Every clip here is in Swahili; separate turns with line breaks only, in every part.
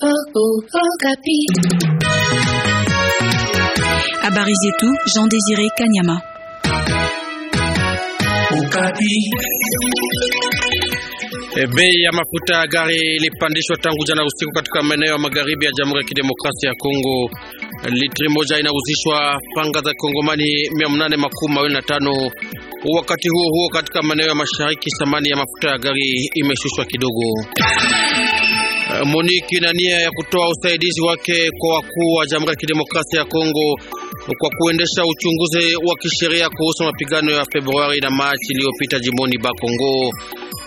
Oh, oh, Okapi. Habari zetu Jean Désiré Kanyama.
Okapi. E, bei ya mafuta ya gari ilipandishwa tangu jana usiku katika maeneo ya magharibi ya Jamhuri ya Kidemokrasia ya Kongo. Litri moja inauzishwa panga za Kongomani 825. Wakati huo huo, katika maeneo ya mashariki, thamani ya mafuta ya gari imeshushwa kidogo. Eh, Moniki ina nia ya kutoa usaidizi wake kwa wakuu wa Jamhuri ya Kidemokrasia ya Kongo kwa kuendesha uchunguzi wa kisheria kuhusu mapigano ya Februari na Machi iliyopita jimboni Bakongo.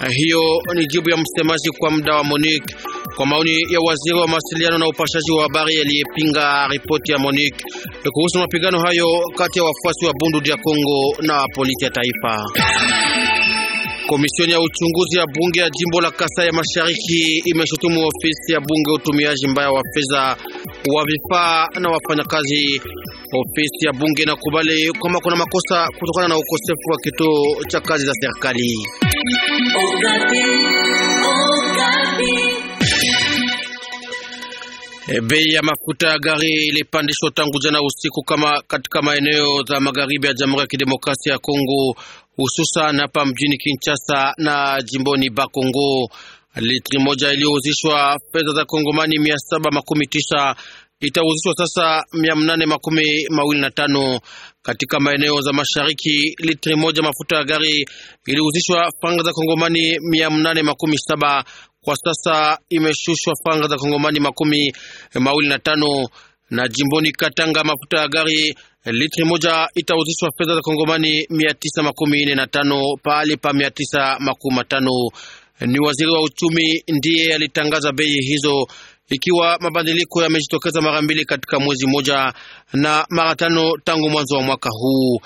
Eh, hiyo ni jibu ya msemaji kwa muda wa Monique kwa maoni ya waziri wa mawasiliano na upashaji wa habari aliyepinga ripoti ya Monique eh, kuhusu mapigano hayo kati ya wafuasi wa Bundu ya Kongo na polisi ya taifa komisioni ya uchunguzi ya bunge ya jimbo la Kasai ya Mashariki imeshutumu ofisi ya bunge utumiaji mbaya wa fedha wa vifaa na wafanyakazi. Ofisi ya bunge inakubali kwamba kuna makosa kutokana na ukosefu wa kituo cha kazi za serikali. E, bei ya mafuta ya gari ilipandishwa tangu jana usiku kama katika maeneo za magharibi ya Jamhuri ya Kidemokrasia ya Kongo hususan hapa mjini Kinshasa na jimboni Bakongo. Litri moja iliyouzishwa fedha za Kongomani mia saba makumi tisa itauzishwa sasa mia mnane makumi mawili na tano katika maeneo za mashariki. Litri moja mafuta ya gari iliuzishwa franga za Kongomani mia mnane makumi saba kwa sasa imeshushwa franga za Kongomani makumi mawili na tano na jimboni Katanga mafuta ya gari litri moja itauzishwa fedha za Kongomani 945 pahali pa 950. Ni waziri wa uchumi ndiye alitangaza bei hizo, ikiwa mabadiliko yamejitokeza mara mbili katika mwezi moja na mara tano tangu mwanzo wa mwaka huu.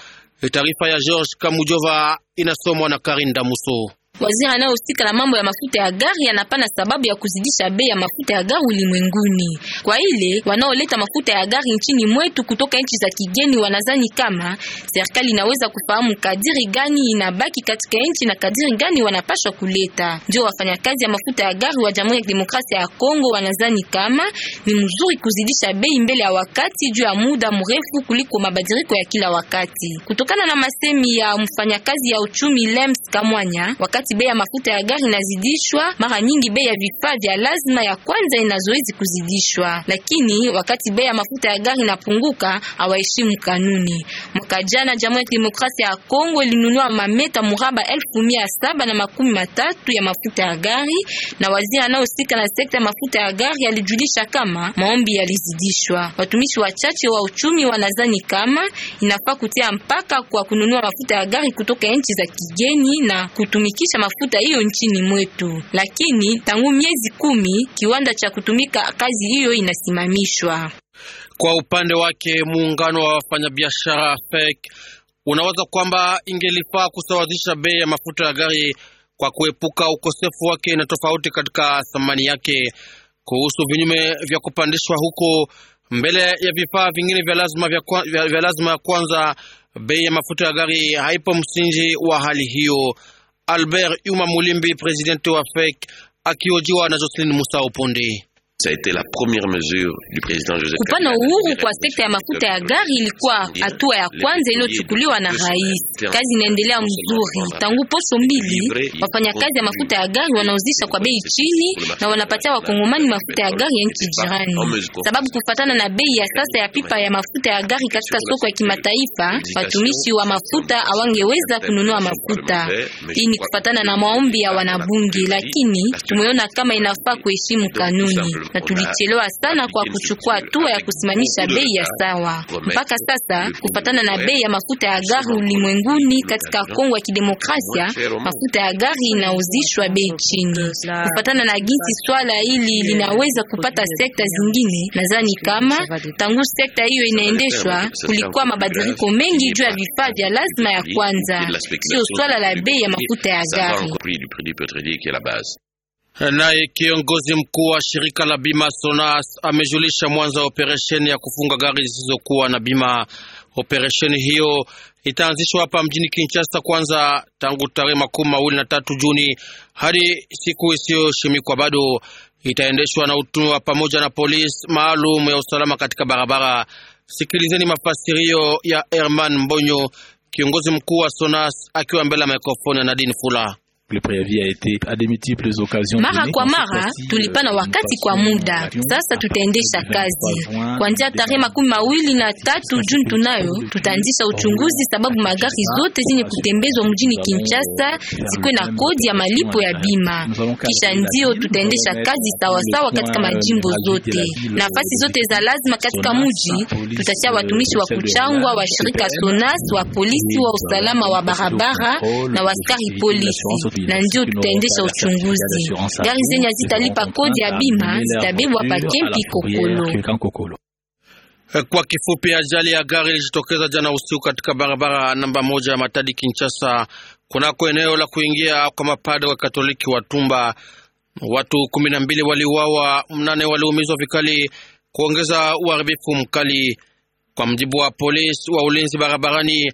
Taarifa ya George Kamujova inasomwa na Karinda Muso.
Waziri anayehusika na mambo ya mafuta ya gari anapana sababu ya kuzidisha bei ya mafuta ya gari ulimwenguni. Kwa ile wanaoleta mafuta ya gari nchini mwetu kutoka nchi za kigeni, wanazani kama serikali inaweza kufahamu kadiri gani inabaki katika nchi na kadiri gani wanapashwa kuleta. Ndio wafanyakazi ya mafuta ya gari wa Jamhuri ya Demokrasia ya Kongo wanazani kama ni mzuri kuzidisha bei mbele ya wakati juu ya muda mrefu kuliko mabadiliko ya kila wakati, kutokana na masemi ya mfanyakazi ya uchumi Lems Kamwanya wakati wakati bei ya mafuta ya gari inazidishwa, mara nyingi bei ya vifaa vya lazima ya kwanza inazoezi kuzidishwa, lakini wakati bei ya mafuta ya gari inapunguka hawaheshimu kanuni. Mwaka jana Jamhuri ya Kidemokrasia ya Kongo ilinunua mameta muraba elfu mia saba na makumi matatu ya mafuta ya gari, na waziri anaohusika na sekta ya mafuta ya gari alijulisha kama maombi yalizidishwa. Watumishi wachache wa uchumi wanazani kama inafaa kutia mpaka kwa kununua mafuta ya gari kutoka nchi za kigeni na kutumikisha kuzalisha mafuta hiyo nchini mwetu, lakini tangu miezi kumi kiwanda cha kutumika kazi hiyo inasimamishwa.
Kwa upande wake muungano wa wafanyabiashara FEC unawaza kwamba ingelifaa kusawazisha bei ya mafuta ya gari kwa kuepuka ukosefu wake na tofauti katika thamani yake. Kuhusu vinyume vya kupandishwa huko mbele ya vifaa vingine vya lazima, vya, vya lazima ya kwanza, bei ya mafuta ya gari haipo msingi wa hali hiyo. Albert Yuma Mulimbi, presidenti wa FEC, akiojiwa na Jocelyn Musa oponde Ça a été la première mesure du président Joseph Kupana uhuru kwa
sekta ya mafuta ya gari ilikuwa hatua ya kwanza iliyochukuliwa na rais. Kazi inaendelea mzuri tangu poso mbili, wafanyakazi ya mafuta ya gari wanauzisha kwa bei chini na wanapatia wakongomani mafuta ya gari ya nchi jirani, sababu kufatana na bei ya sasa ya pipa ya mafuta ya gari katika soko ya kimataifa, watumishi wa mafuta hawangeweza kununua mafuta. Hii ni kufatana na maombi ya wanabunge, lakini tumeona kama inafaa kuheshimu kanuni na tulichelewa sana kwa kuchukua hatua ya kusimamisha bei ya sawa. Mpaka sasa kupatana na bei ya mafuta ya gari ulimwenguni, katika Kongo ya Kidemokrasia mafuta ya gari inauzishwa bei chini. kupatana na ginsi swala hili linaweza kupata sekta zingine, nadhani kama tangu sekta hiyo inaendeshwa kulikuwa mabadiliko mengi juu ya vifaa vya lazima ya kwanza,
sio swala la bei ya mafuta ya gari. Naye kiongozi mkuu wa shirika la bima Sonas amejulisha mwanzo wa operesheni ya kufunga gari zisizokuwa na bima. Operesheni hiyo itaanzishwa hapa mjini Kinshasa kwanza tangu tarehe makumi mawili na tatu Juni hadi siku isiyoshimikwa bado. Itaendeshwa na utumiwa pamoja na polisi maalum ya usalama katika barabara. Sikilizeni mafasirio ya Herman Mbonyo, kiongozi mkuu wa Sonas, akiwa mbele ya mikrofoni ya Nadine Fula. Le préavis a été à des multiples occasions. Mara kwa mara euh,
tulipana wakati kwa muda. Sasa tutaendesha kazi kuanzia tarehe makumi mawili na tatu Juni, tunayo tutaanzisha uchunguzi sababu magari zote zenye kutembezwa mjini Kinshasa zikuwe na kodi ya malipo ya bima, kisha ndio tutaendesha kazi sawasawa katika euh, majimbo zote, nafasi zote za lazima katika mji. Tutatia euh, watumishi wa kuchangwa wa shirika SONAS, wa polisi wa usalama wa barabara na waskari polisi
na ndio tutaendesha uchunguzi. Gari zenye hazitalipa kodi ya bima zitabebwa pa kempi Kokolo. Eh, kwa kifupi, ajali ya gari ilijitokeza jana usiku katika barabara namba moja ya Matadi Kinshasa, kunako eneo la kuingia kwa mapadre wa Katoliki wa Tumba. Watu kumi na mbili waliuawa, mnane waliumizwa vikali, kuongeza uharibifu mkali, kwa mjibu wa polisi wa ulinzi barabarani.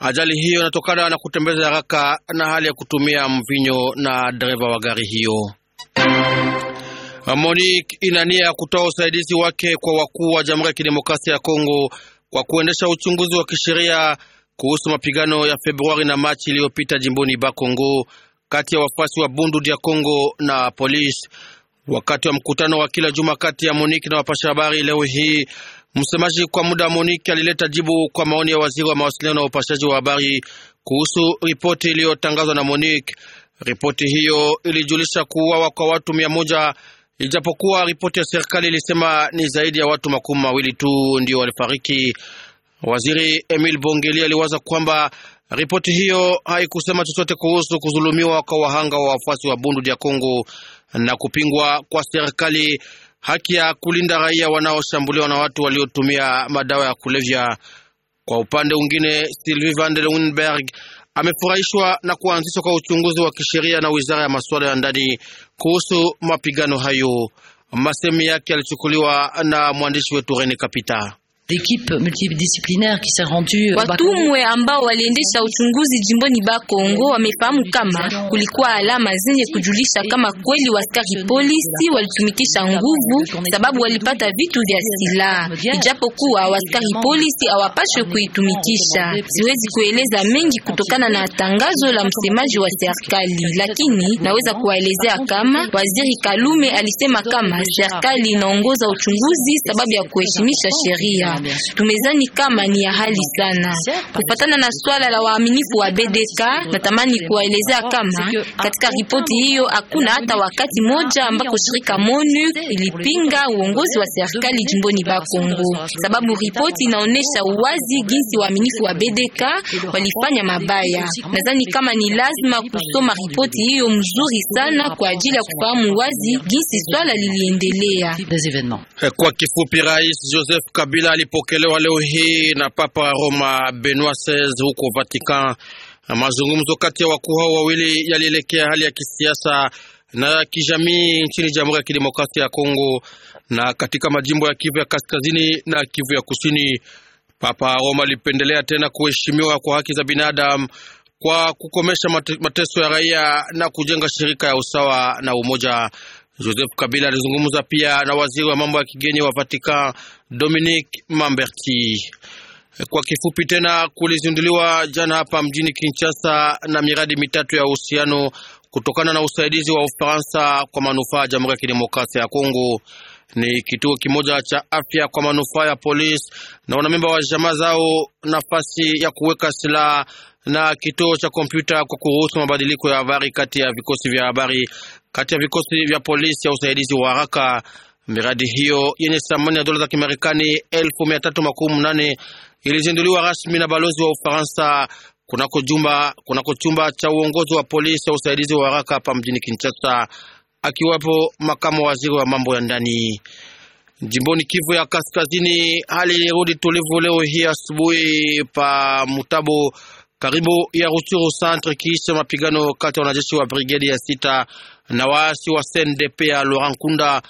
Ajali hiyo inatokana na kutembeza haraka na hali ya kutumia mvinyo na dereva wa gari hiyo. Monique ina nia ya kutoa usaidizi wake kwa wakuu wa Jamhuri ya Kidemokrasia ya Kongo kwa kuendesha uchunguzi wa kisheria kuhusu mapigano ya Februari na Machi iliyopita jimboni Bakongo kati ya wafuasi wa Bundu dia Kongo na polisi. Wakati wa mkutano wa kila juma kati ya Monique na wapasha habari leo hii Msemaji kwa muda wa MONUC alileta jibu kwa maoni ya waziri wa mawasiliano na upashaji wa habari kuhusu ripoti iliyotangazwa na MONUC. Ripoti hiyo ilijulisha kuuawa kwa watu mia moja ijapokuwa ripoti ya serikali ilisema ni zaidi ya watu makumi mawili tu ndio walifariki. Waziri Emil Bongeli aliwaza kwamba ripoti hiyo haikusema chochote kuhusu kuzulumiwa kwa wahanga wa wafuasi wa Bundu ya Kongo na kupingwa kwa serikali haki ya kulinda raia wanaoshambuliwa na watu waliotumia madawa ya kulevya. Kwa upande mwingine, Sylvie van der Winberg amefurahishwa na kuanzishwa kwa uchunguzi wa kisheria na wizara ya masuala ya ndani kuhusu mapigano hayo. Masemi yake yalichukuliwa na mwandishi wetu Rene Kapita
l'équipe multidisciplinaire qui s'est rendue watumwe ambao waliendesha uchunguzi jimboni ba Kongo wamefahamu kama kulikuwa alama zenye kujulisha kama kweli waskari polisi walitumikisha nguvu, sababu walipata vitu vya silaha, ijapokuwa waskari polisi hawapashwe kuitumikisha. Siwezi kueleza mengi kutokana na tangazo la msemaji wa serikali, lakini naweza kuwaelezea kama waziri Kalume alisema kama serikali inaongoza uchunguzi sababu ya kuheshimisha sheria tumezani kama ni ya hali sana. Kufatana na swala la waaminifu wa BDK, natamani kuwaelezea kama katika ripoti hiyo hakuna hata wakati moja ambako shirika MONU ilipinga uongozi wa serikali jimboni ba Kongo, sababu ripoti inaonesha uwazi jinsi waaminifu wa BDK walifanya mabaya. Nadhani kama ni lazima kusoma ripoti hiyo mzuri sana kwa ajili ya kufahamu wazi jinsi swala liliendelea.
Eh, kwa kifupi, Rais Joseph Kabila ilipokelewa leo hii na Papa wa Roma Benua XVI huko Vatican. Mazungumzo kati ya wakuu hao wawili yalielekea hali ya kisiasa na ya kijamii nchini Jamhuri ya Kidemokrasia ya Kongo na katika majimbo ya Kivu ya Kaskazini na Kivu ya Kusini. Papa wa Roma alipendelea tena kuheshimiwa kwa haki za binadamu kwa kukomesha mateso ya raia na kujenga shirika ya usawa na umoja. Joseph Kabila alizungumza pia na waziri wa mambo ya kigeni wa Vatican Dominic Mamberti. Kwa kifupi tena, kulizinduliwa jana hapa mjini Kinshasa na miradi mitatu ya uhusiano kutokana na usaidizi wa Ufaransa kwa manufaa ya Jamhuri ya Kidemokrasia ya Kongo. Ni kituo kimoja cha afya kwa manufaa ya polisi na wanamemba wa jamaa zao, nafasi ya kuweka silaha na kituo cha kompyuta kwa kuruhusu mabadiliko ya habari kati ya vikosi vya habari kati ya vikosi vya polisi ya usaidizi wa haraka. Miradi hiyo yenye thamani ya dola za Kimarekani 1318 ilizinduliwa rasmi na balozi wa Ufaransa kunako kuna chumba cha uongozi wa polisi ya usaidizi wa haraka hapa mjini Kinshasa, akiwapo makamu waziri wa mambo ya ndani. Jimboni Kivu ya Kaskazini, hali ilirudi tulivu leo hii asubuhi pa Mutabo karibu ya Rusuru centre kiisha mapigano kati ya wanajeshi wa brigedi ya sita na waasi wa SNDP ya Laurent Kunda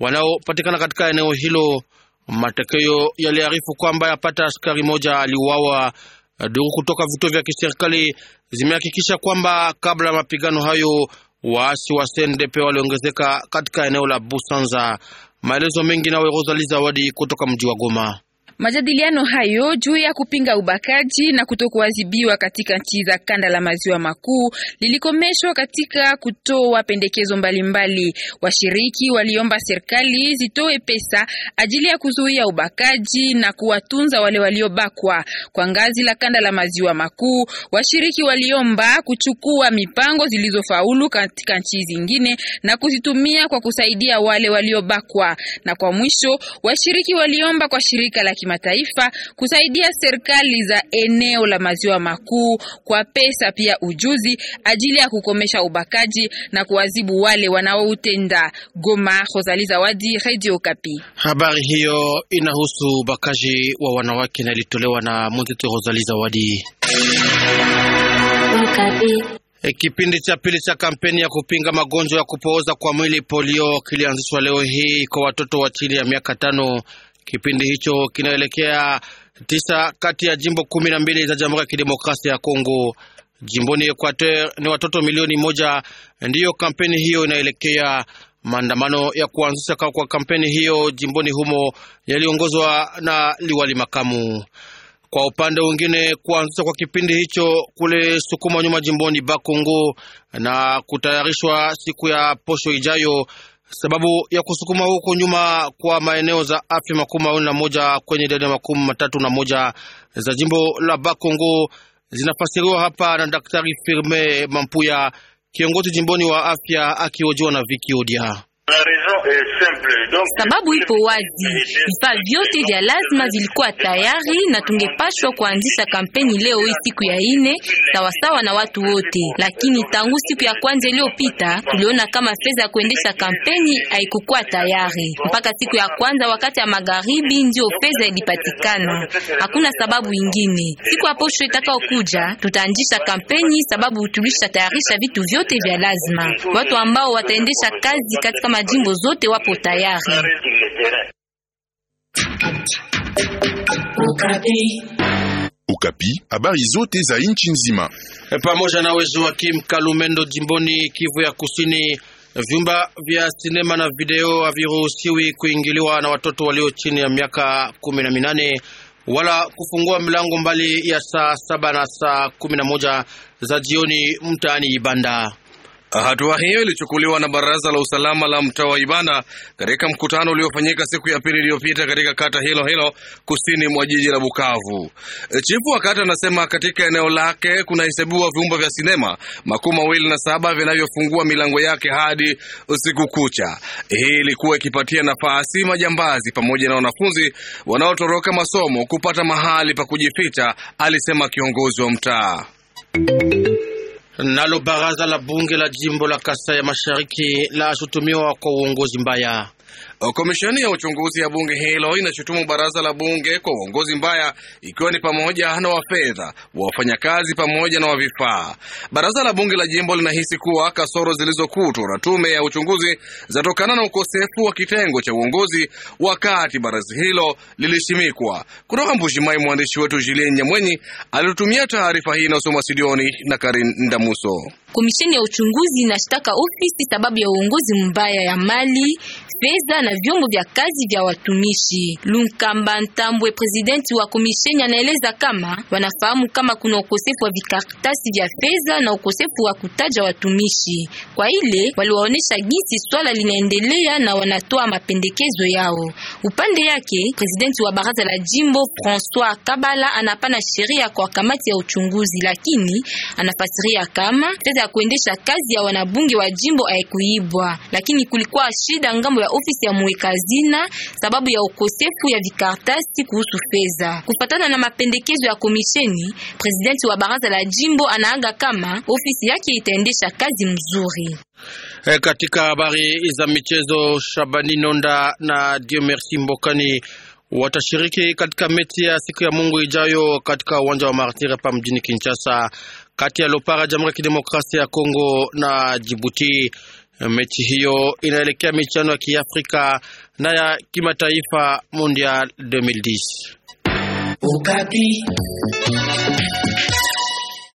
wanaopatikana katika eneo hilo. Matokeo yaliarifu kwamba yapata askari moja aliuawa. Duru kutoka vituo vya kiserikali zimehakikisha kwamba kabla ya mapigano hayo waasi wa SNDP waliongezeka katika eneo la Busanza. Maelezo mengi nawe Rosali Zawadi kutoka mji wa Goma.
Majadiliano hayo juu ya kupinga ubakaji na kutokuadhibiwa katika nchi za kanda la maziwa makuu lilikomeshwa katika kutoa pendekezo mbalimbali. Washiriki waliomba serikali zitoe pesa ajili ya kuzuia ubakaji na kuwatunza wale waliobakwa. Kwa ngazi la kanda la maziwa makuu, washiriki waliomba kuchukua mipango zilizofaulu katika nchi zingine na kuzitumia kwa kusaidia wale waliobakwa. Na kwa mwisho, washiriki waliomba kwa shirika la kimataifa kusaidia serikali za eneo la maziwa makuu kwa pesa pia ujuzi ajili ya kukomesha ubakaji na kuwazibu wale wanaoutenda. Goma, Rosali Zawadi, Radio
Kapi. Habari hiyo inahusu ubakaji wa wanawake na ilitolewa na mwenzetu Rosali Zawadi. E, kipindi cha pili cha kampeni ya kupinga magonjwa ya kupooza kwa mwili polio kilianzishwa leo hii kwa watoto wa chini ya miaka tano. Kipindi hicho kinaelekea tisa kati ya jimbo kumi na mbili za Jamhuri ya Kidemokrasia ya Kongo. Jimboni Equateur ni watoto milioni moja ndiyo kampeni hiyo inaelekea. Maandamano ya kuanzisha kwa kampeni hiyo jimboni humo yaliongozwa na liwali makamu. Kwa upande mwingine, kuanzisha kwa kipindi hicho kule sukuma nyuma jimboni Bakongo na kutayarishwa siku ya posho ijayo Sababu ya kusukuma huko nyuma kwa maeneo za afya makumi mawili na moja kwenye idadi ya makumi matatu na moja za jimbo la Bakongo zinafasiriwa hapa na Daktari Firme Mampuya, kiongozi jimboni wa afya, akihojiwa na Viki Odia.
Sababu ipo wazi, vifaa vyote vya lazima vilikuwa tayari na tungepashwa kuanzisha kampeni leo hii siku ya ine sawasawa na watu wote, lakini tangu siku ya kwanza iliyopita tuliona kama fedha ya kuendesha kampeni haikukuwa tayari. Mpaka siku ya kwanza wakati ya magharibi ndio fedha ilipatikana, hakuna sababu ingine. Siku ya posho itakayokuja tutaanzisha kampeni, sababu tulishatayarisha vitu vyote vya lazima. Watu ambao wataendesha kazi katika majimbo zote wapo tayari.
Ukapi. habari zote za inchi nzima e, pamoja na wezo wa Kim Kalumendo jimboni Kivu ya Kusini. Vyumba vya sinema na video haviruhusiwi kuingiliwa na watoto walio chini ya miaka kumi na minane wala kufungua milango mbali ya saa saba na saa kumi na moja za jioni mtaani Ibanda. Hatua hiyo ilichukuliwa na baraza la usalama la mtaa wa Ibana katika mkutano uliofanyika siku ya pili iliyopita katika kata hilo hilo kusini mwa jiji la Bukavu. Chifu wa kata anasema katika eneo lake kunahesabiwa vyumba vya sinema makumi mawili na saba vinavyofungua milango yake hadi usiku kucha. Hii ilikuwa ikipatia nafasi majambazi pamoja na wanafunzi wanaotoroka masomo kupata mahali pa kujificha, alisema kiongozi wa mtaa. Nalo baraza la bunge la jimbo la Kasai ya Mashariki la ashutumiwa kwa uongozi mbaya. Komisheni ya uchunguzi ya bunge hilo inashutumu baraza la bunge kwa uongozi mbaya, ikiwa ni pamoja na wa fedha, wa wafanyakazi pamoja na wa vifaa. Baraza la bunge la jimbo linahisi kuwa kasoro zilizokutwa na tume ya uchunguzi zinatokana na ukosefu wa kitengo cha uongozi wakati baraza hilo lilishimikwa. Kutoka Mbushimai, mwandishi wetu Julien Nyamwenyi alitutumia taarifa hii inayosoma studioni na Karin Ndamuso.
Komisheni ya uchunguzi inashtaka ofisi sababu ya uongozi mbaya ya mali, fedha na vyombo vya kazi vya watumishi. Lunkamba Ntambwe, presidenti wa komisheni, anaeleza kama wanafahamu kama kuna ukosefu wa vikaratasi vya fedha na ukosefu wa kutaja watumishi. Kwa ile waliwaonesha jinsi swala linaendelea na wanatoa mapendekezo yao. Upande yake, presidenti wa baraza la jimbo François Kabala anapana sheria kwa kamati ya uchunguzi, lakini anafasiria kama fedha ya kuendesha kazi ya wanabunge wa jimbo haikuibwa, lakini kulikuwa shida ngambo ya ofisi ya mweka sababu ya ukosefu ya vikartasi kuhusu fedha. Kufatana na mapendekezo ya komisheni, presidenti wa baraza la jimbo anaaga kama ofisi yake itaendesha kazi
mzuri. E, katika habari za michezo, Shabani Nonda na Dieu Merci Mbokani watashiriki katika mechi ya siku ya Mungu ijayo katika uwanja wa martire pa mjini Kinshasa, kati ya Lopara, Jamhuri ya Kidemokrasia ya Kongo na Jibuti. Mechi hiyo inaelekea michano ya Kiafrika na ya kimataifa Mondial 2010.